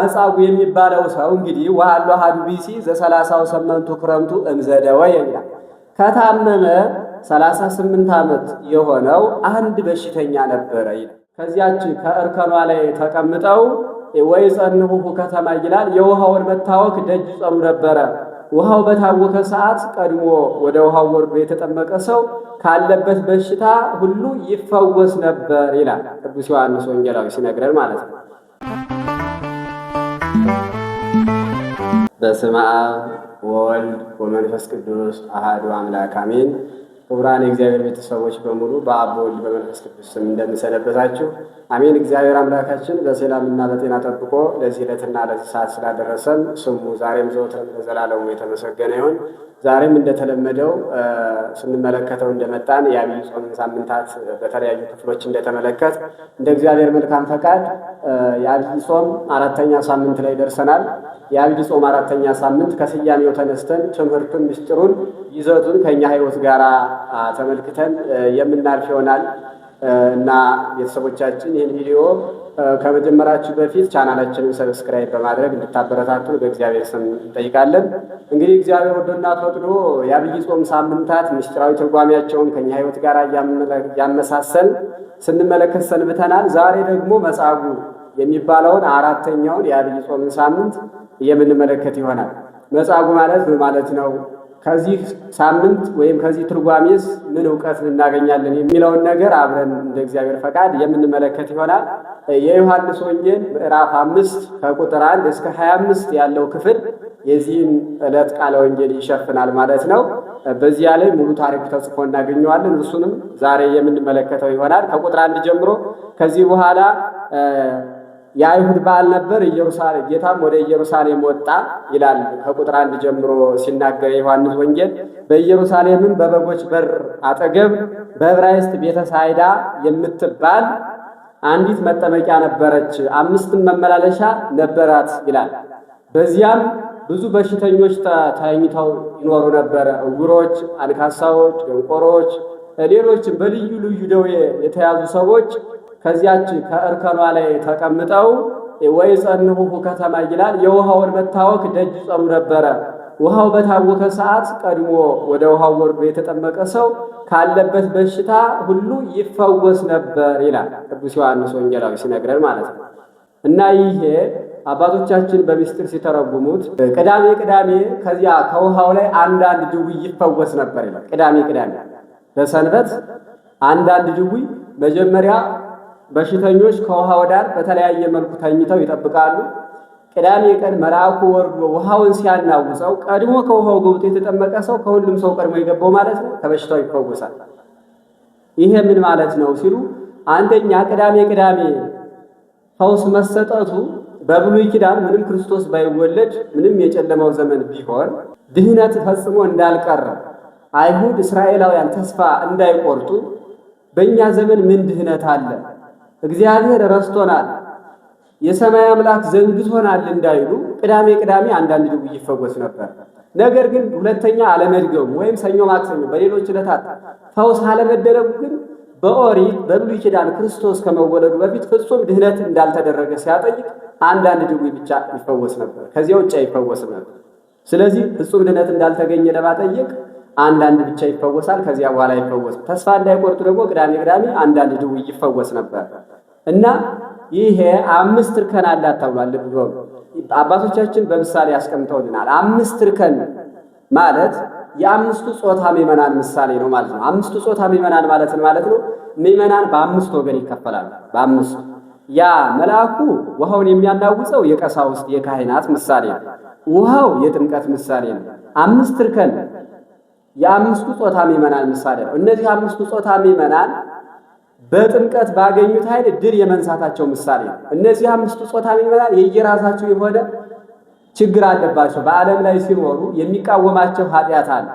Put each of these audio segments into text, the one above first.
መጻጉ የሚባለው ሰው እንግዲህ ዋሎ አሐዱ ብእሲ ዘሰላሳው ሰመንቱ ክረምቱ እምዘደወ ይላል። ከታመመ 38 ዓመት የሆነው አንድ በሽተኛ ነበረ ይላል። ከዚያች ከእርከኗ ላይ ተቀምጠው ወይ ጸንሁሁ ከተማ ይላል። የውሃውን መታወክ ደጅ ጾም ነበረ። ውሃው በታወከ ሰዓት ቀድሞ ወደ ውሃው ወርዶ የተጠመቀ ሰው ካለበት በሽታ ሁሉ ይፈወስ ነበር ይላል ቅዱስ ዮሐንስ ወንጌላዊ ሲነግረን ማለት ነው። በስመ አብ ወወልድ ወመንፈስ ቅዱስ አሃዱ አምላክ አሜን። ክቡራን የእግዚአብሔር ቤተሰቦች በሙሉ በአብ በወልድ በመንፈስ ቅዱስ ስም እንደምንሰነበታችሁ አሜን። እግዚአብሔር አምላካችን በሰላምና በጤና ጠብቆ ለዚህ ዕለትና ለዚህ ሰዓት ስላደረሰን ስሙ ዛሬም ዘወትርም ለዘላለሙ የተመሰገነ ይሁን። ዛሬም እንደተለመደው ስንመለከተው እንደመጣን የአብይ ጾም ሳምንታት በተለያዩ ክፍሎች እንደተመለከት እንደ እግዚአብሔር መልካም ፈቃድ የአብይ ጾም አራተኛ ሳምንት ላይ ደርሰናል። የአብይ ጾም አራተኛ ሳምንት ከስያሜው ተነስተን ትምህርቱን ምስጢሩን ይዘቱን ከኛ ህይወት ጋር ተመልክተን የምናልፍ ይሆናል እና ቤተሰቦቻችን ይህን ቪዲዮ ከመጀመራችሁ በፊት ቻናላችንን ሰብስክራይብ በማድረግ እንድታበረታቱ በእግዚአብሔር ስም እንጠይቃለን። እንግዲህ እግዚአብሔር ወዶና ፈቅዶ የአብይ ጾም ሳምንታት ምስጢራዊ ትርጓሜያቸውን ከኛ ህይወት ጋር እያመሳሰል ስንመለከት ሰንብተናል። ዛሬ ደግሞ መጻጉዕ የሚባለውን አራተኛውን የአብይ ጾምን ሳምንት የምንመለከት ይሆናል። መጻጉዕ ማለት ምን ማለት ነው? ከዚህ ሳምንት ወይም ከዚህ ትርጓሜስ ምን እውቀት እናገኛለን የሚለውን ነገር አብረን እንደ እግዚአብሔር ፈቃድ የምንመለከት ይሆናል። የዮሐንስ ወንጌል ምዕራፍ አምስት ከቁጥር አንድ እስከ ሀያ አምስት ያለው ክፍል የዚህን ዕለት ቃለ ወንጌል ይሸፍናል ማለት ነው። በዚያ ላይ ሙሉ ታሪክ ተጽፎ እናገኘዋለን። እሱንም ዛሬ የምንመለከተው ይሆናል። ከቁጥር አንድ ጀምሮ ከዚህ በኋላ የአይሁድ በዓል ነበር። ኢየሩሳሌም ጌታም ወደ ኢየሩሳሌም ወጣ ይላል ከቁጥር አንድ ጀምሮ ሲናገር የዮሐንስ ወንጌል። በኢየሩሳሌምም በበጎች በር አጠገብ በዕብራይስጥ ቤተሳይዳ የምትባል አንዲት መጠመቂያ ነበረች፣ አምስትም መመላለሻ ነበራት ይላል። በዚያም ብዙ በሽተኞች ተኝተው ይኖሩ ነበረ፣ እውሮች፣ አንካሳዎች፣ ደንቆሮች፣ ሌሎችም በልዩ ልዩ ደዌ የተያዙ ሰዎች ከዚያች ከእርከኗ ላይ ተቀምጠው ወይ ጸንሁሁ ከተማ ይላል። የውሃውን መታወክ ደጅ ጸኑ ነበረ። ውሃው በታወከ ሰዓት ቀድሞ ወደ ውሃው ወርዶ የተጠመቀ ሰው ካለበት በሽታ ሁሉ ይፈወስ ነበር ይላል ቅዱስ ዮሐንስ ወንጌላዊ ሲነግረን ማለት ነው። እና ይሄ አባቶቻችን በምስጢር ሲተረጉሙት ቅዳሜ ቅዳሜ ከዚያ ከውሃው ላይ አንዳንድ ድዊ ይፈወስ ነበር ይላል። ቅዳሜ ቅዳሜ በሰንበት አንዳንድ ድዊ መጀመሪያ በሽተኞች ከውሃው ዳር በተለያየ መልኩ ተኝተው ይጠብቃሉ። ቅዳሜ ቀን መልአኩ ወርዶ ውሃውን ሲያናውፀው ቀድሞ ከውሃው ገብቶ የተጠመቀ ሰው ከሁሉም ሰው ቀድሞ የገባው ማለት ነው ከበሽታው ይፈወሳል። ይሄ ምን ማለት ነው ሲሉ አንደኛ ቅዳሜ ቅዳሜ ፈውስ መሰጠቱ በብሉይ ኪዳን ምንም ክርስቶስ ባይወለድ ምንም የጨለመው ዘመን ቢሆን ድህነት ፈጽሞ እንዳልቀረ አይሁድ እስራኤላውያን ተስፋ እንዳይቆርጡ በእኛ ዘመን ምን ድህነት አለ እግዚአብሔር ረስቶናል፣ የሰማይ አምላክ ዘንግቶናል እንዳይሉ ቅዳሜ ቅዳሜ አንዳንድ ድውይ ይፈወስ ነበር። ነገር ግን ሁለተኛ አለመድገሙ ወይም ሰኞ ማክሰኞ በሌሎች ዕለታት ፈውስ አለመደረጉ ግን በኦሪት በብሉይ ኪዳን ክርስቶስ ከመወለዱ በፊት ፍጹም ድህነት እንዳልተደረገ ሲያጠይቅ አንዳንድ ድውይ ብቻ ይፈወስ ነበር። ከዚያ ውጭ አይፈወስም ነበር። ስለዚህ ፍጹም ድህነት እንዳልተገኘ ለማጠየቅ አንዳንድ ብቻ ይፈወሳል። ከዚያ በኋላ ይፈወስ ተስፋ እንዳይቆርጡ ደግሞ ቅዳሜ ቅዳሜ አንዳንድ ድውይ ይፈወስ ነበር እና ይሄ አምስት እርከን አላት ተብሏል። ልብ በሉ አባቶቻችን በምሳሌ ያስቀምጠውልናል። አምስት እርከን ማለት የአምስቱ ጾታ ምዕመናን ምሳሌ ነው ማለት ነው። አምስቱ ጾታ ምዕመናን ማለት ማለት ነው። ምዕመናን በአምስት ወገን ይከፈላል። በአምስቱ ያ መልአኩ ውሃውን የሚያናውፀው የቀሳውስት የካህናት ምሳሌ ነው። ውሃው የጥምቀት ምሳሌ ነው። አምስት እርከን የአምስቱ ጾታ ምዕመናን ምሳሌ ነው። እነዚህ አምስቱ ጾታ ምዕመናን በጥምቀት ባገኙት ኃይል ድል የመንሳታቸው ምሳሌ ነው። እነዚህ አምስቱ ጾታ ምዕመናን የየራሳቸው የሆነ ችግር አለባቸው። በዓለም ላይ ሲኖሩ የሚቃወማቸው ኃጢአት አለ።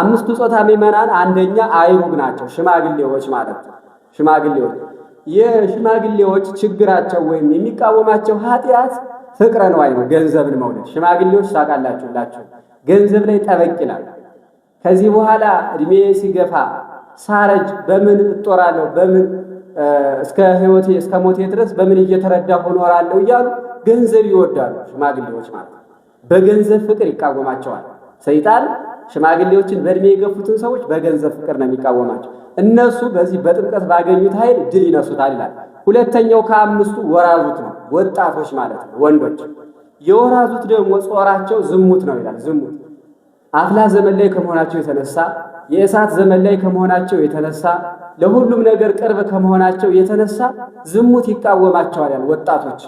አምስቱ ጾታ ምዕመናን አንደኛ አይሩግ ናቸው፣ ሽማግሌዎች ማለት ነው። ሽማግሌዎች የሽማግሌዎች ችግራቸው ወይም የሚቃወማቸው ኃጢአት ፍቅረ ነዋይ ነው፣ ገንዘብን መውደድ። ሽማግሌዎች ታውቃላችሁላችሁ ገንዘብ ላይ ጠበቅ ይላል። ከዚህ በኋላ እድሜ ሲገፋ ሳረጅ በምን እጦራለሁ በምን እስከ ህይወቴ እስከ ሞቴ ድረስ በምን እየተረዳ ሆኖራለሁ እያሉ ገንዘብ ይወዳሉ ሽማግሌዎች ማለት በገንዘብ ፍቅር ይቃወማቸዋል ሰይጣን ሽማግሌዎችን በእድሜ የገፉትን ሰዎች በገንዘብ ፍቅር ነው የሚቃወማቸው እነሱ በዚህ በጥምቀት ባገኙት ኃይል ድል ይነሱታል ይላል ሁለተኛው ከአምስቱ ወራዙት ነው ወጣቶች ማለት ነው ወንዶች የወራዙት ደግሞ ጾራቸው ዝሙት ነው ይላል ዝሙት አፍላ ዘመን ላይ ከመሆናቸው የተነሳ የእሳት ዘመን ላይ ከመሆናቸው የተነሳ ለሁሉም ነገር ቅርብ ከመሆናቸው የተነሳ ዝሙት ይቃወማቸዋል ያል ወጣቶች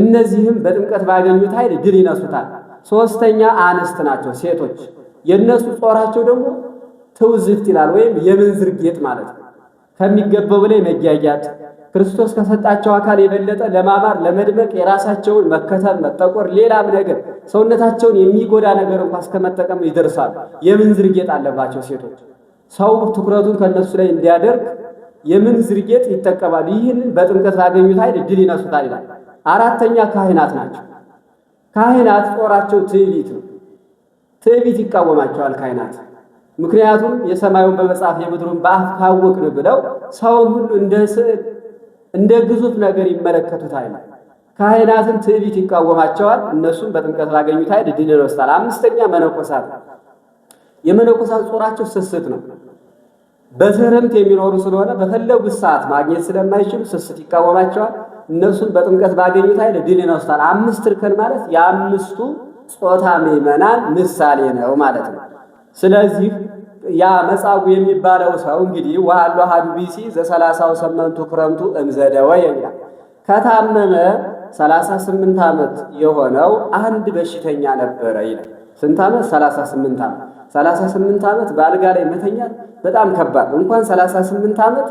እነዚህም በጥምቀት ባገኙት ኃይል ድል ይነሱታል። ሶስተኛ አንስት ናቸው ሴቶች። የእነሱ ጾራቸው ደግሞ ትውዝፍት ይላል ወይም የምንዝር ጌጥ ማለት ነው። ከሚገባው ላይ መጊያጊያት ክርስቶስ ከሰጣቸው አካል የበለጠ ለማማር ለመድመቅ የራሳቸውን መከተል፣ መጠቆር፣ ሌላም ነገር ሰውነታቸውን የሚጎዳ ነገር እንኳ እስከመጠቀም ይደርሳሉ። የምን ዝርጌጥ አለባቸው ሴቶች። ሰው ትኩረቱን ከእነሱ ላይ እንዲያደርግ የምን ዝርጌጥ ይጠቀማሉ። ይህን በጥምቀት ላገኙት ኃይል ድል ይነሱታል ይላል። አራተኛ ካህናት ናቸው። ካህናት ጦራቸው ትዕቢት ነው። ትዕቢት ይቃወማቸዋል ካህናት ምክንያቱም የሰማዩን በመጽሐፍ የምድሩን በአፍ ካወቅን ብለው ሰውን ሁሉ እንደ ስዕል እንደ ግዙፍ ነገር ይመለከቱታል። ካህናትን ትዕቢት ይቃወማቸዋል። እነሱም በጥምቀት ባገኙት ኃይል ድል አምስተኛ መነኮሳት፣ የመነኮሳት ጾራቸው ስስት ነው። በትህርምት የሚኖሩ ስለሆነ በፈለጉት ሰዓት ማግኘት ስለማይችሉ ስስት ይቃወማቸዋል። እነሱም በጥምቀት ባገኙት ኃይል ድል አምስት እርከን ማለት የአምስቱ ጾታ ምዕመናን ምሳሌ ነው ማለት ነው። ስለዚህ ያ መጻጉ የሚባለው ሰው እንግዲህ ዋሎ ሀቢሲ ዘሰላሳው ሰመንቱ ክረምቱ እምዘደወ የሚላል ከታመመ 38 አመት የሆነው አንድ በሽተኛ ነበረ ይላል። ስንት ዓመት? 38 ዓመት። 38 ዓመት በአልጋ ላይ መተኛ በጣም ከባድ። እንኳን 38 ዓመት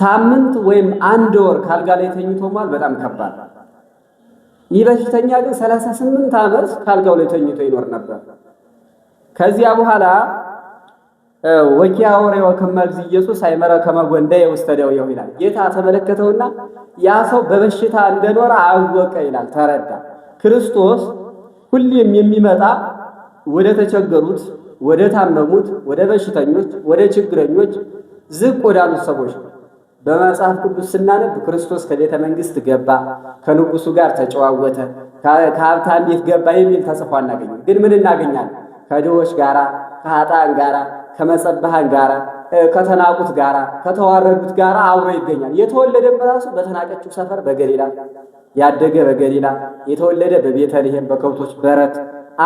ሳምንት ወይም አንድ ወር ካልጋ ላይ ተኝቶ ማል በጣም ከባድ። ይህ በሽተኛ ግን 38 ዓመት ከአልጋው ላይ ተኝቶ ይኖር ነበር። ከዚያ በኋላ ወኪያ ወሬ ከመግዝ ኢየሱስ አይመረ ከመጎንደ የውስተደው ይሁ ይላል። ጌታ ተመለከተውና ያ ሰው በበሽታ እንደኖረ አወቀ ይላል፣ ተረዳ። ክርስቶስ ሁሌም የሚመጣ ወደ ተቸገሩት፣ ወደ ታመሙት፣ ወደ በሽተኞች፣ ወደ ችግረኞች፣ ዝቅ ወዳሉት ሰዎች በመጽሐፍ ቅዱስ ስናነብ ክርስቶስ ከቤተ መንግስት ገባ፣ ከንጉሱ ጋር ተጨዋወተ፣ ከሀብታም ቤት ገባ የሚል ተጽፎ አናገኝም። ግን ምን እናገኛለን? ከድሆች ጋራ ከሀጣን ጋራ ከመጸባሃን ጋራ ከተናቁት ጋራ ከተዋረዱት ጋራ አብሮ ይገኛል። የተወለደ በራሱ በተናቀችው ሰፈር በገሊላ ያደገ በገሊላ የተወለደ በቤተልሔም በከብቶች በረት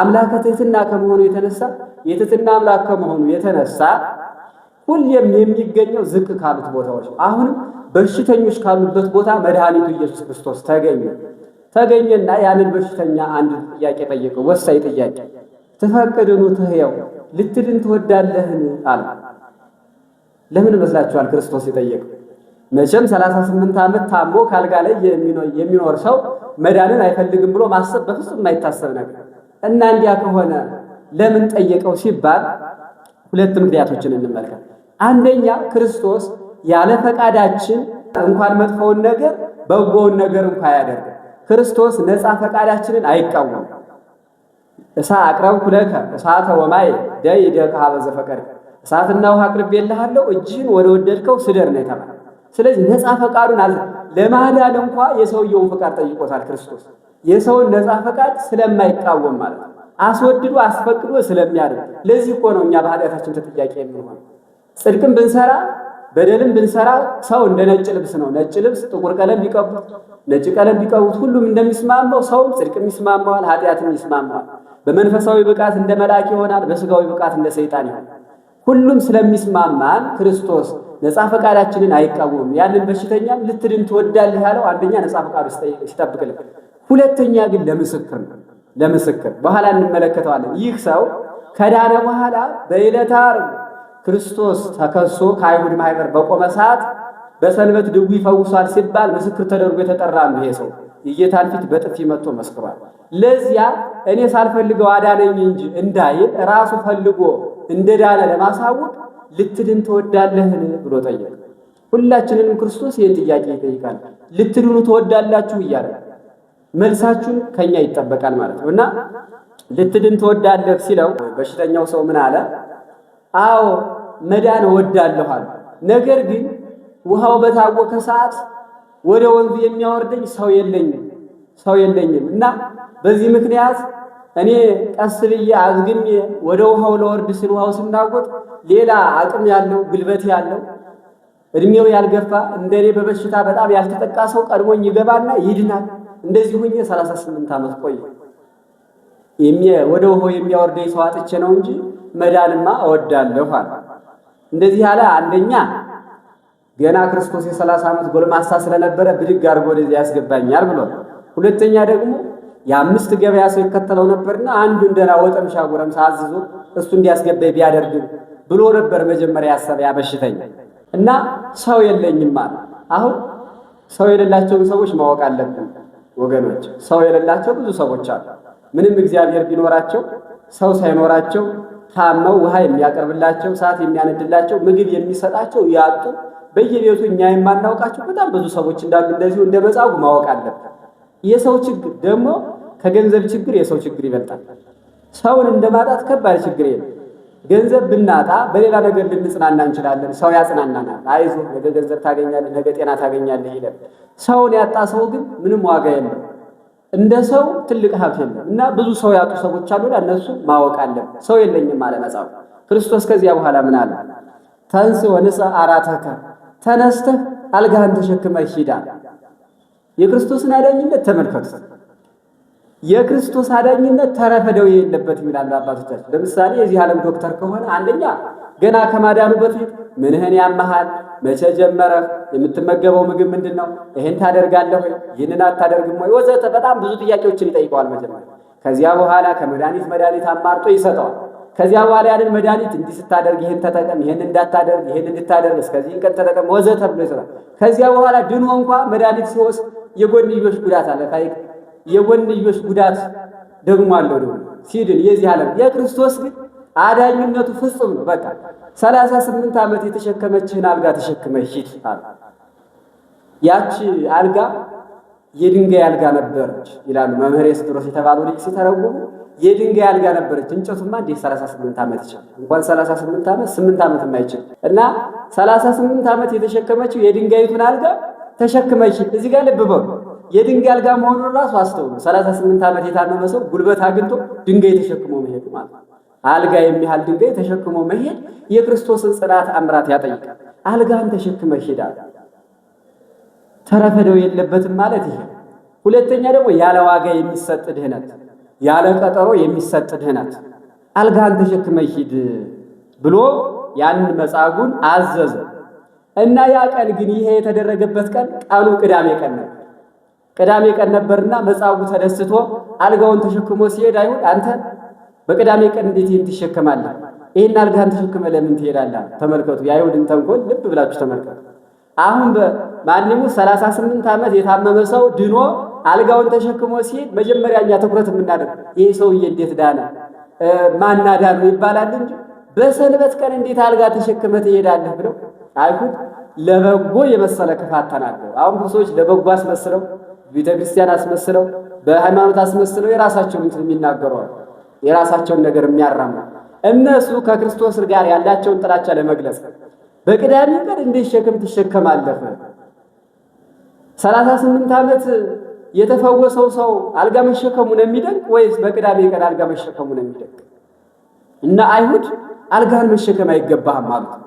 አምላከ ትሕትና ከመሆኑ የተነሳ የትሕትና አምላክ ከመሆኑ የተነሳ ሁሌም የሚገኘው ዝቅ ካሉት ቦታዎች አሁንም በሽተኞች ካሉበት ቦታ መድኃኒቱ ኢየሱስ ክርስቶስ ተገኘ ተገኘና ያንን በሽተኛ አንድ ጥያቄ ጠየቀው፣ ወሳኝ ጥያቄ ትፈቅድኑ ትሕየው ልትድን ትወዳለህን አለ። ለምን መስላችኋል? ክርስቶስ የጠየቀው? መቼም 38 አመት ዓመት ታሞ ካልጋ ላይ የሚኖር ሰው መዳንን አይፈልግም ብሎ ማሰብ በፍጹም የማይታሰብ ነገር እና እንዲያ ከሆነ ለምን ጠየቀው ሲባል ሁለት ምክንያቶችን እንመልከት። አንደኛ ክርስቶስ ያለ ፈቃዳችን እንኳን መጥፎውን ነገር በጎውን ነገር እንኳ ያደርግ ክርስቶስ ነፃ ፈቃዳችንን አይቃወም። እሳ አቅረብ ኩለከ እሳተ ወማየ ደይደከ ኀበ ዘፈቀድ እሳትና ውሃ አቅርቤልሃለሁ እጅህን ወደ ወደድከው ስደር ነው የተባለ። ስለዚህ ነፃ ፈቃዱን አለ ለማዳን እንኳ የሰውየውን ፈቃድ ጠይቆታል ክርስቶስ። የሰውን ነፃ ፈቃድ ስለማይቃወም ማለት ነው አስወድዶ አስፈቅዶ ስለሚያደርግ። ለዚህ እኮ ነው እኛ በኃጢአታችን ተጠያቂ የምንሆነው። ጽድቅም ብንሰራ በደልም ብንሰራ ሰው እንደ ነጭ ልብስ ነው። ነጭ ልብስ ጥቁር ቀለም ቢቀቡት፣ ነጭ ቀለም ቢቀቡት ሁሉም እንደሚስማማው ሰውም ጽድቅም ይስማማዋል፣ ኃጢአትም ይስማማዋል። በመንፈሳዊ ብቃት እንደ መልአክ ይሆናል፣ በስጋዊ ብቃት እንደ ሰይጣን ይሆናል። ሁሉም ስለሚስማማን ክርስቶስ ነፃ ፈቃዳችንን አይቃወምም። ያንን በሽተኛም ልትድን ትወዳለህ ያለው አንደኛ ነፃ ፈቃዱ ሲጠብቅልን፣ ሁለተኛ ግን ለምስክር ነው። ለምስክር በኋላ እንመለከተዋለን። ይህ ሰው ከዳነ በኋላ በዕለተ ዓርብ ክርስቶስ ተከሶ ከአይሁድ ማህበር በቆመ ሰዓት በሰንበት ድውይ ይፈውሷል ሲባል ምስክር ተደርጎ የተጠራ ነው። ይሄ ሰው የጌታን ፊት በጥፊ መጥቶ መስክሯል። ለዚያ እኔ ሳልፈልገው አዳነኝ እንጂ እንዳይል ራሱ ፈልጎ እንደዳነ ለማሳወቅ ልትድን ትወዳለህን ብሎ ጠየቀ። ሁላችንንም ክርስቶስ ይህን ጥያቄ ይጠይቃል። ልትድኑ ትወዳላችሁ እያለ መልሳችሁን ከኛ ይጠበቃል ማለት ነው እና ልትድን ትወዳለህ ሲለው በሽተኛው ሰው ምን አለ? አዎ መዳን እወዳለሁ አለ። ነገር ግን ውሃው በታወከ ሰዓት ወደ ወንዝ የሚያወርደኝ ሰው የለኝም ሰው የለኝም እና በዚህ ምክንያት እኔ ቀስ ብዬ አዝግሜ ወደ ውሃው ለወርድ ስል ውሃው ስናጎት ሌላ አቅም ያለው ጉልበት ያለው እድሜው ያልገፋ እንደኔ በበሽታ በጣም ያልተጠቃ ሰው ቀድሞኝ ይገባና ይድናል። እንደዚህ ሁኜ 38 ዓመት ቆየ። ወደ ውሃው የሚያወርደኝ ሰው አጥቼ ነው እንጂ መዳንማ እወዳለሁ አለ። እንደዚህ ያለ አንደኛ ገና ክርስቶስ የ30 ዓመት ጎልማሳ ስለነበረ ብድግ አድርጎ ወደዚህ ያስገባኛል ብሏል። ሁለተኛ ደግሞ የአምስት ገበያ ሰው ይከተለው ነበርና አንዱን ደህና ወጠምሻ ጎረምሳ አዝዞ እሱ እንዲያስገባኝ ቢያደርግ ብሎ ነበር መጀመሪያ ያሰበ ያበሽተኝ እና ሰው የለኝም አለ። አሁን ሰው የሌላቸውን ሰዎች ማወቅ አለብን ወገኖች። ሰው የሌላቸው ብዙ ሰዎች አሉ። ምንም እግዚአብሔር ቢኖራቸው ሰው ሳይኖራቸው ታመው ውሃ የሚያቀርብላቸው፣ ሰዓት የሚያነድላቸው፣ ምግብ የሚሰጣቸው ያጡ በየቤቱ እኛ የማናውቃቸው በጣም ብዙ ሰዎች እንዳሉ እንደዚሁ እንደ መጻጉዕ ማወቅ አለብን። የሰው ችግር ደግሞ ከገንዘብ ችግር የሰው ችግር ይበልጣል። ሰውን እንደማጣት ከባድ ችግር የለም። ገንዘብ ብናጣ በሌላ ነገር ልንጽናና እንችላለን። ሰው ያጽናናናል። አይዞ ነገ ገንዘብ ታገኛለህ፣ ነገ ጤና ታገኛለህ ይለን። ሰውን ያጣ ሰው ግን ምንም ዋጋ የለም። እንደ ሰው ትልቅ ሀብት የለም እና ብዙ ሰው ያጡ ሰዎች አሉ። እነሱ ማወቅ አለን። ሰው የለኝም አለ መጽሐፍ። ክርስቶስ ከዚያ በኋላ ምን አለ? ተንስ ወንስ አራተከ ተነስተህ አልጋህን ተሸክመህ ሂዳ። የክርስቶስን አዳኝነት ተመልከቱት። የክርስቶስ አዳኝነት ተረፈደው የለበትም ይላሉ አባቶቻችን። ለምሳሌ የዚህ ዓለም ዶክተር ከሆነ አንደኛ ገና ከማዳኑ በፊት ምንህን ያመሃል፣ መቼ ጀመረህ፣ የምትመገበው ምግብ ምንድን ነው፣ ይህን ታደርጋለህ ይህንን አታደርግም ወይ ወዘተ፣ በጣም ብዙ ጥያቄዎችን ይጠይቀዋል መጀመሪያ። ከዚያ በኋላ ከመድኃኒት መድኃኒት አማርጦ ይሰጠዋል። ከዚያ በኋላ ያንን መድኃኒት እንዲህ ስታደርግ ይህን ተጠቀም፣ ይህን እንዳታደርግ፣ ይህን እንድታደርግ፣ እስከዚህን ቀን ተጠቀም ወዘተ ብሎ ይሰጣል። ከዚያ በኋላ ድኖ እንኳ መድኃኒት ሲወስድ የጎንዮሽ ጉዳት አለ የጎንዮሽ ጉዳት ደግሞ አለው ደግሞ ሲድን የዚህ ዓለም የክርስቶስ ግን አዳኝነቱ ፍጹም ነው። በቃ ሰላሳ ስምንት ዓመት የተሸከመችህን አልጋ ተሸክመ ሂድ አለ። ያቺ አልጋ የድንጋይ አልጋ ነበረች ይላሉ መምህር ስድሮስ የተባሉ ልጅ ሲተረጉሙ የድንጋይ አልጋ ነበረች። እንጨቱማ እንዴት ሰላሳ ስምንት ዓመት ይችላል? እንኳን ሰላሳ ስምንት ዓመት ስምንት ዓመት የማይችል እና ሰላሳ ስምንት ዓመት የተሸከመችው የድንጋይቱን አልጋ ተሸክመ እዚህ ጋር ልብ በሉ የድንጋይ አልጋ መሆኑን ራሱ አስተውሉ። ሰላሳ ስምንት ዓመት የታመመ ሰው ጉልበት አግኝቶ ድንጋይ ተሸክሞ መሄድ ማለት ነው። አልጋ የሚያህል ድንጋይ ተሸክሞ መሄድ የክርስቶስን ጽናት አምራት ያጠይቃል። አልጋን ተሸክመ ሄዳል። ተረፈደው የለበትም ማለት ይሄ። ሁለተኛ ደግሞ ያለ ዋጋ የሚሰጥ ድህነት፣ ያለ ቀጠሮ የሚሰጥ ድህነት። አልጋን ተሸክመ ሂድ ብሎ ያንን መጻጉን አዘዘ እና ያ ቀን ግን ይሄ የተደረገበት ቀን ቃሉ ቅዳሜ ቀን ነው። ቅዳሜ ቀን ነበርና መጻጉ ተደስቶ አልጋውን ተሸክሞ ሲሄድ አይሁድ አንተ በቅዳሜ ቀን እንዴት ይህን ትሸክማለህ ይህን አልጋህን ተሸክመ ለምን ትሄዳለህ? ተመልከቱ፣ የአይሁድን ተንኮል ልብ ብላችሁ ተመልከቱ። አሁን በማንሙ 38 ዓመት የታመመ ሰው ድኖ አልጋውን ተሸክሞ ሲሄድ መጀመሪያ እኛ ትኩረት የምናደርግ ይህ ሰውዬ እንዴት ዳነ፣ ማና ዳነ ይባላል እንጂ በሰንበት ቀን እንዴት አልጋ ተሸክመ ትሄዳለህ? ብለው አይሁድ ለበጎ የመሰለ ክፋት ተናገሩ። አሁን ብዙ ሰዎች ለበጎ አስመስለው ቤተ ክርስቲያን አስመስለው በሃይማኖት አስመስለው የራሳቸውን እንትን የሚናገረዋል የራሳቸውን ነገር የሚያራሙ እነሱ ከክርስቶስ ጋር ያላቸውን ጥላቻ ለመግለጽ በቅዳሜ ቀን እንዴት ሸክም ትሸከማለህ? ሰላሳ ስምንት ዓመት የተፈወሰው ሰው አልጋ መሸከሙ ነው የሚደንቅ ወይስ በቅዳሜ ቀን አልጋ መሸከሙ ነው የሚደንቅ? እና አይሁድ አልጋን መሸከም አይገባህም አሉት።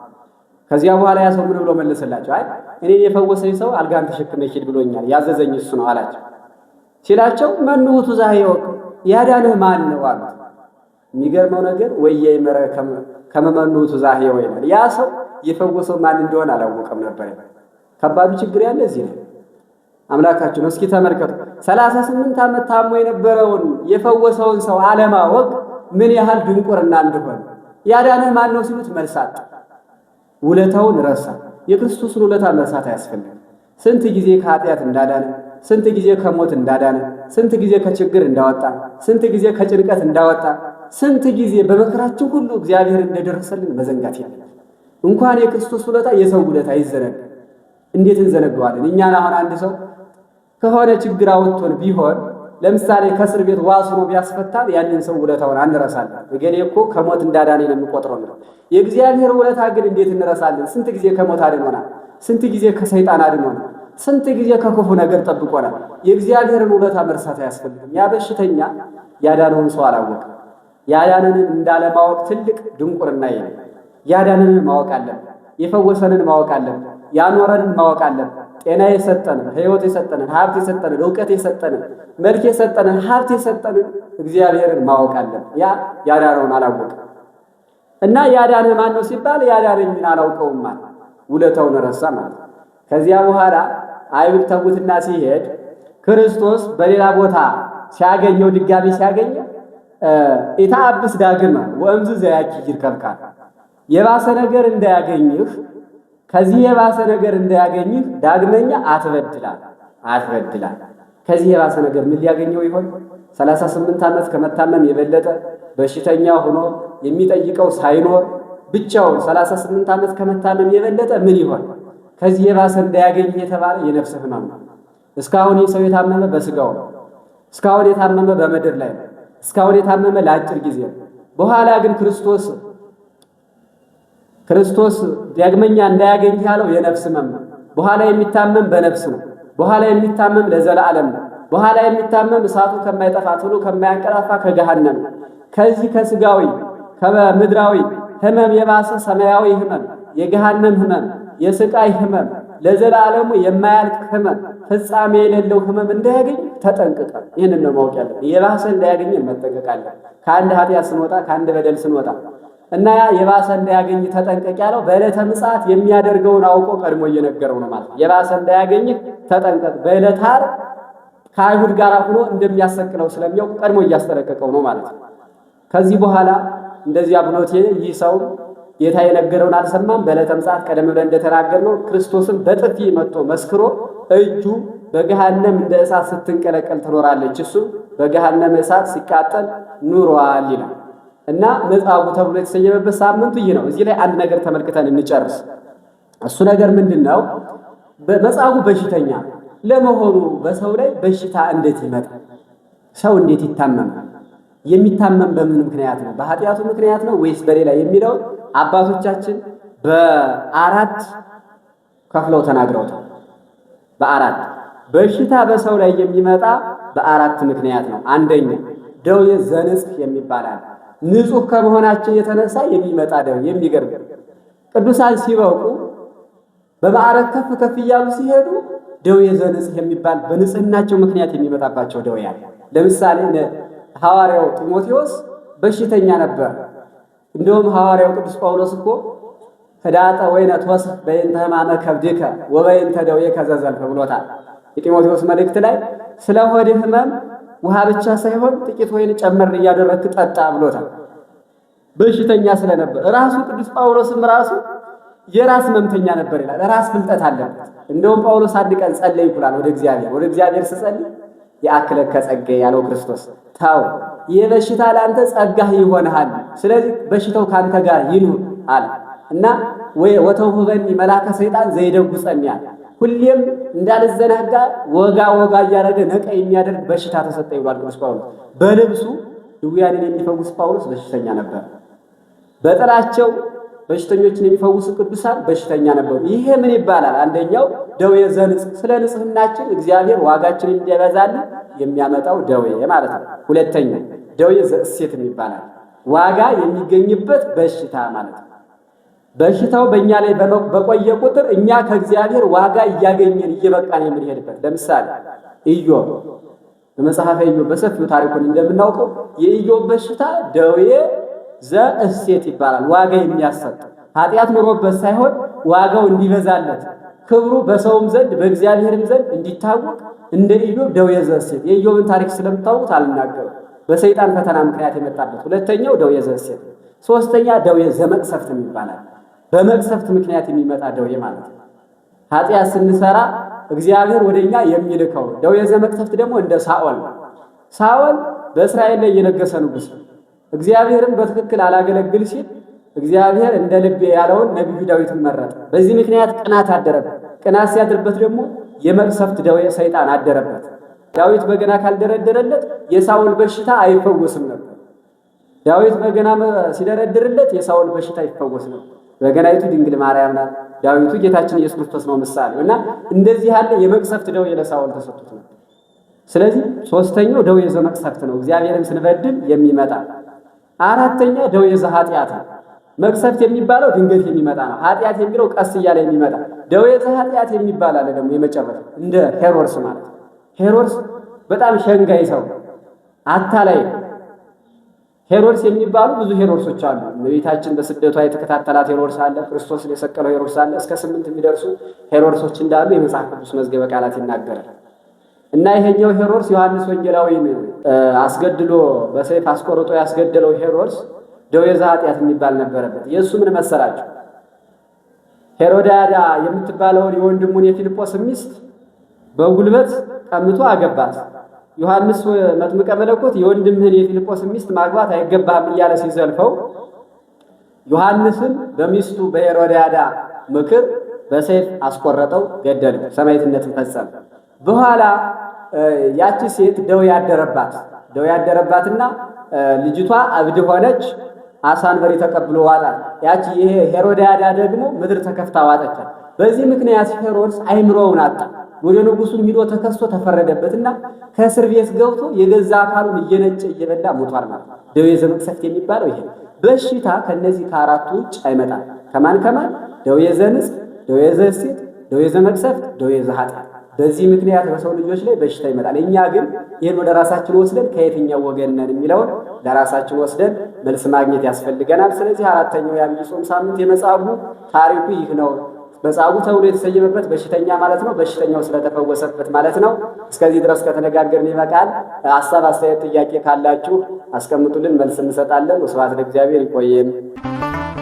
ከዚያ በኋላ ያ ሰው ምን ብሎ መለሰላቸው? አይ እኔን የፈወሰኝ ሰው አልጋን ተሸክመ ሂድ ብሎኛል፣ ያዘዘኝ እሱ ነው አላቸው። ሲላቸው መኑ ውእቱ ዘኀይወቅ ያዳንህ ማን ነው አሉት። የሚገርመው ነገር ወየ መረ ከመመኑ ውእቱ ዘኀይወ ይላል። ያ ሰው የፈወሰው ማን እንደሆነ አላወቀም ነበር። ከባዱ ችግር ያለ እዚህ ነው። አምላካችን እስኪ ተመልከቱ፣ ሰላሳ ስምንት ዓመት ታሞ የነበረውን የፈወሰውን ሰው አለማወቅ ምን ያህል ድንቁርና እንደሆነ። ያዳንህ ማን ነው ሲሉት መልሳት ውለታውን ረሳ። የክርስቶስን ውለታ መርሳት አያስፈልግም። ስንት ጊዜ ከኃጢአት እንዳዳነ፣ ስንት ጊዜ ከሞት እንዳዳነ፣ ስንት ጊዜ ከችግር እንዳወጣ፣ ስንት ጊዜ ከጭንቀት እንዳወጣ፣ ስንት ጊዜ በመከራችን ሁሉ እግዚአብሔር እንደደረሰልን መዘንጋት ያለ እንኳን የክርስቶስ ውለታ የሰው ውለታ ይዘነጋ። እንዴት እንዘነገዋለን? እኛን አሁን አንድ ሰው ከሆነ ችግር አውጥቶን ቢሆን ለምሳሌ ከእስር ቤት ዋስኖ ቢያስፈታል ያንን ሰው ውለታውን አንረሳለን። እገሌ እኮ ከሞት እንዳዳነ ነው የምንቆጥረው ነው። የእግዚአብሔር ውለታ ግን እንዴት እንረሳለን? ስንት ጊዜ ከሞት አድኖናል። ስንት ጊዜ ከሰይጣን አድኖናል። ስንት ጊዜ ከክፉ ነገር ጠብቆናል። የእግዚአብሔርን ውለታ መርሳት አያስፈልግም። ያ በሽተኛ ያዳነውን ሰው አላወቀ። ያዳነንን እንዳለማወቅ ትልቅ ድንቁርና ይሄ ያዳነንን ማወቅ አለን። የፈወሰንን ማወቅ አለን። ያኖረን ማወቅ አለብን። ጤና የሰጠንን፣ ህይወት የሰጠንን፣ ሀብት የሰጠንን፣ እውቀት የሰጠንን፣ መልክ የሰጠንን፣ ሀብት የሰጠንን እግዚአብሔርን ማወቅ አለብን። ያ ያዳነውን አላወቅም እና ያዳነ ማን ነው ሲባል ያዳነኝን አላውቀውም ማለት ውለታውን ረሳ ማለት ከዚያ በኋላ አይሁድ ተጉትና ሲሄድ ክርስቶስ በሌላ ቦታ ሲያገኘው ድጋሚ ሲያገኘ አብስ ዳግመ ወእምዝ ዘያኪ ይርከብካል የባሰ ነገር እንዳያገኝህ ከዚህ የባሰ ነገር እንዳያገኝህ ዳግመኛ አትበድላል አትበድላል። ከዚህ የባሰ ነገር ምን ሊያገኘው ይሆን? 38 ዓመት ከመታመም የበለጠ በሽተኛ ሆኖ የሚጠይቀው ሳይኖር ብቻውን ሰላሳ ስምንት ዓመት ከመታመም የበለጠ ምን ይሆን? ከዚህ የባሰ እንዳያገኝህ የተባለ የነፍስ ሕማም ነው። እስካሁን ሰው የታመመ በስጋው ነው። እስካሁን የታመመ በምድር ላይ ነው። እስካሁን የታመመ ለአጭር ጊዜ ነው። በኋላ ግን ክርስቶስ ክርስቶስ ዳግመኛ እንዳያገኝ ያለው የነፍስ ህመም ነው። በኋላ የሚታመም በነፍስ ነው። በኋላ የሚታመም ለዘላለም ነው። በኋላ የሚታመም እሳቱ ከማይጠፋ ትሉ ከማያንቀላፋ ከገሃነም ነው። ከዚህ ከስጋዊ ከምድራዊ ህመም የባሰ ሰማያዊ ህመም፣ የገሃነም ህመም፣ የስቃይ ህመም፣ ለዘላለሙ የማያልቅ ህመም፣ ፍጻሜ የሌለው ህመም እንዳያገኝ ተጠንቅቀ። ይህንን ነው ማወቅ ያለን። የባሰ እንዳያገኝ መጠንቀቃለን። ከአንድ ኃጢአት ስንወጣ፣ ከአንድ በደል ስንወጣ እና የባሰ እንዳያገኝ ተጠንቀቅ ያለው በዕለተ ምጽአት የሚያደርገውን አውቆ ቀድሞ እየነገረው ነው ማለት የባሰ እንዳያገኝ ተጠንቀቅ በዕለተ ዓርብ ከአይሁድ ጋር ሆኖ እንደሚያሰቅለው ስለሚያውቅ ቀድሞ እያስጠነቀቀው ነው ማለት ነው። ከዚህ በኋላ እንደዚህ አቡኖቴ ይህ ሰው ጌታ የነገረውን አልሰማም። በዕለተ ምጽአት ቀደም ብለን ነው ክርስቶስን በጥፊ መጥቶ መስክሮ እጁ በገሃነም እንደ እሳት ስትንቀለቀል ትኖራለች፣ እሱ በገሃነም እሳት ሲቃጠል ኑሯል ይላል። እና መጻጉ ተብሎ የተሰየመበት ሳምንቱ ይህ ነው። እዚህ ላይ አንድ ነገር ተመልክተን እንጨርስ። እሱ ነገር ምንድን ነው? በሽተኛ ለመሆኑ በሰው ላይ በሽታ እንዴት ይመጣል? ሰው እንዴት ይታመማል? የሚታመም በምን ምክንያት ነው? በኃጢአቱ ምክንያት ነው ወይስ በሌላ የሚለው አባቶቻችን በአራት ከፍለው ተናግረውታል። በአራት በሽታ በሰው ላይ የሚመጣ በአራት ምክንያት ነው። አንደኛ ደዌ ዘንጽህ የሚባል አለ። ንጹህ ከመሆናቸው የተነሳ የሚመጣ ደው የሚገርም ቅዱሳን ሲበቁ በማዕረግ ከፍ ከፍ እያሉ ሲሄዱ ደዌ ዘንጽሕ የሚባል በንጽህናቸው ምክንያት የሚመጣባቸው ደዌ ያለ። ለምሳሌ ሐዋርያው ጢሞቴዎስ በሽተኛ ነበር። እንደውም ሐዋርያው ቅዱስ ጳውሎስ እኮ ህዳጠ ወይነ ትወስፍ በይንተ ሕማመ ከብድከ ወበይንተ ደዌከ ዘዘልፈ ብሎታል። የጢሞቴዎስ መልእክት ላይ ስለ ሆድህ ህመም ውሃ ብቻ ሳይሆን ጥቂት ወይን ጨመር እያደረግክ ጠጣ ብሎታል። በሽተኛ ስለነበር ራሱ ቅዱስ ጳውሎስም ራሱ የራስ መምተኛ ነበር ይላል። ራስ ብልጠት አለበት። እንደውም ጳውሎስ አንድ ቀን ጸለይ ይኩላል ወደ እግዚአብሔር ወደ እግዚአብሔር ስጸልይ የአክለከ ጸጋ ያለው ክርስቶስ ታው የበሽታ ለአንተ ጸጋህ ይሆንሃል፣ ስለዚህ በሽታው ካንተ ጋር ይኑር አለ እና ወተውህበኒ መላከ ሰይጣን ዘይደጉ ጸሚያል ሁሌም እንዳልዘናጋ ወጋ ወጋ እያደረገ ነቀ የሚያደርግ በሽታ ተሰጠ ይሏል ቅዱስ ጳውሎስ። በልብሱ ድውያንን የሚፈውስ ጳውሎስ በሽተኛ ነበር። በጥላቸው በሽተኞችን የሚፈውስ ቅዱሳን በሽተኛ ነበሩ። ይሄ ምን ይባላል? አንደኛው ደዌ ዘንጽ፣ ስለ ንጽህናችን እግዚአብሔር ዋጋችን እንዲያበዛል የሚያመጣው ደዌ ማለት ነው። ሁለተኛ ደዌ ዘእሴትም ይባላል፣ ዋጋ የሚገኝበት በሽታ ማለት ነው። በሽታው በእኛ ላይ በቆየ ቁጥር እኛ ከእግዚአብሔር ዋጋ እያገኘን እየበቃን የምንሄድበት። ለምሳሌ ኢዮብ በመጽሐፈ ኢዮብ በሰፊው ታሪኩን እንደምናውቀው የኢዮብ በሽታ ደዌ ዘእሴት ይባላል። ዋጋ የሚያሰጥ ኃጢአት ኖሮበት ሳይሆን ዋጋው እንዲበዛለት ክብሩ በሰውም ዘንድ በእግዚአብሔርም ዘንድ እንዲታወቅ እንደ ኢዮብ ደዌ ዘእሴት። የኢዮብን ታሪክ ስለምታውቁት አልናገርም። በሰይጣን ፈተና ምክንያት የመጣበት ሁለተኛው ደዌ ዘእሴት፣ ሶስተኛ ደዌ ዘመቅሰፍትም ይባላል። በመቅሰፍት ምክንያት የሚመጣ ደዌ ማለት ነው። ኃጢአት ስንሰራ እግዚአብሔር ወደኛ የሚልከው ደዌ ዘመቅሰፍት ደግሞ እንደ ሳኦል ነው። ሳኦል በእስራኤል ላይ የነገሰ ንጉሥ ነው። እግዚአብሔርን በትክክል አላገለግል ሲል እግዚአብሔር እንደ ልቤ ያለውን ነቢዩ ዳዊትን መረጠ። በዚህ ምክንያት ቅናት አደረበት። ቅናት ሲያድርበት ደግሞ የመቅሰፍት ደዌ ሰይጣን አደረበት። ዳዊት በገና ካልደረደረለት የሳኦል በሽታ አይፈወስም ነበር። ዳዊት በገና ሲደረድርለት የሳኦል በሽታ ይፈወስ ነበር። በገናይቱ ድንግል ማርያም ናት፣ ዳዊቱ ጌታችን ኢየሱስ ክርስቶስ ነው ምሳሌው እና እንደዚህ ያለ የመቅሰፍት ደዌ ለሳኦል ተሰጥቶት ነው። ስለዚህ ሶስተኛው ደዌ ዘመቅሰፍት ነው፣ እግዚአብሔርም ስንበድል የሚመጣ አራተኛ ደዌ ዘኃጢአት ነው። መቅሰፍት የሚባለው ድንገት የሚመጣ ነው። ኃጢአት የሚለው ቀስ እያለ የሚመጣ ደዌ ዘኃጢአት የሚባል አለ። ደግሞ የመጨረሻ እንደ ሄሮድስ ማለት ሄሮድስ በጣም ሸንጋይ ሰው አታላይ ሄሮድስ የሚባሉ ብዙ ሄሮድሶች አሉ። በቤታችን በስደቷ የተከታተላት ሄሮድስ አለ፣ ክርስቶስ የሰቀለው ሄሮድስ አለ። እስከ ስምንት የሚደርሱ ሄሮድሶች እንዳሉ የመጽሐፍ ቅዱስ መዝገበ ቃላት ይናገራል። እና ይሄኛው ሄሮድስ ዮሐንስ ወንጌላዊን አስገድሎ በሰይፍ አስቆርጦ ያስገደለው ሄሮድስ ደዌ ዘኃጢአት የሚባል ነበረበት። የእሱ ምን መሰላቸው? ሄሮዳዳ የምትባለውን የወንድሙን የፊልጶስ ሚስት በጉልበት ቀምቶ አገባት። ዮሐንስ መጥምቀ መለኮት የወንድምህን የፊልጶስ ሚስት ማግባት አይገባህም እያለ ሲዘልፈው ዮሐንስን በሚስቱ በሄሮድያዳ ምክር በሰይፍ አስቆረጠው፣ ገደለው፣ ሰማዕትነትን ፈጸመ። በኋላ ያቺ ሴት ደው ያደረባት ደው ያደረባትና ልጅቷ እብድ ሆነች። አሳንበሪ ተቀብሎ ዋጣት። ያቺ ይሄ ሄሮድያዳ ደግሞ ምድር ተከፍታ ዋጠቻት። በዚህ ምክንያት ሄሮድስ አይምሮውን አጣ። ወደ ንጉሱን ሂዶ ተከሶ ተፈረደበትና ከእስር ቤት ገብቶ የገዛ አካሉን እየነጨ እየበላ ሞቷል ማለት ደዌ ዘመቅሰፍት የሚባለው ይሄ በሽታ ከነዚህ ከአራቱ ውጭ አይመጣም። ከማን ከማን? ደዌ ዘንስት፣ ደዌ ዘሴት፣ ደዌ ዘመቅሰፍት፣ ደዌ ዘኃጢአት። በዚህ ምክንያት በሰው ልጆች ላይ በሽታ ይመጣል። እኛ ግን ይህን ወደ ራሳችን ወስደን ከየትኛው ወገን ነን የሚለውን ለራሳችን ወስደን መልስ ማግኘት ያስፈልገናል። ስለዚህ አራተኛው የዐቢይ ጾም ሳምንት የመጽሐፉ ታሪኩ ይህ ነው። በጻጉ ተብሎ የተሰየመበት በሽተኛ ማለት ነው። በሽተኛው ስለተፈወሰበት ማለት ነው። እስከዚህ ድረስ ከተነጋገርን ይበቃል። ሀሳብ፣ አስተያየት፣ ጥያቄ ካላችሁ አስቀምጡልን፣ መልስ እንሰጣለን። ስብሐት ለእግዚአብሔር። ይቆየን።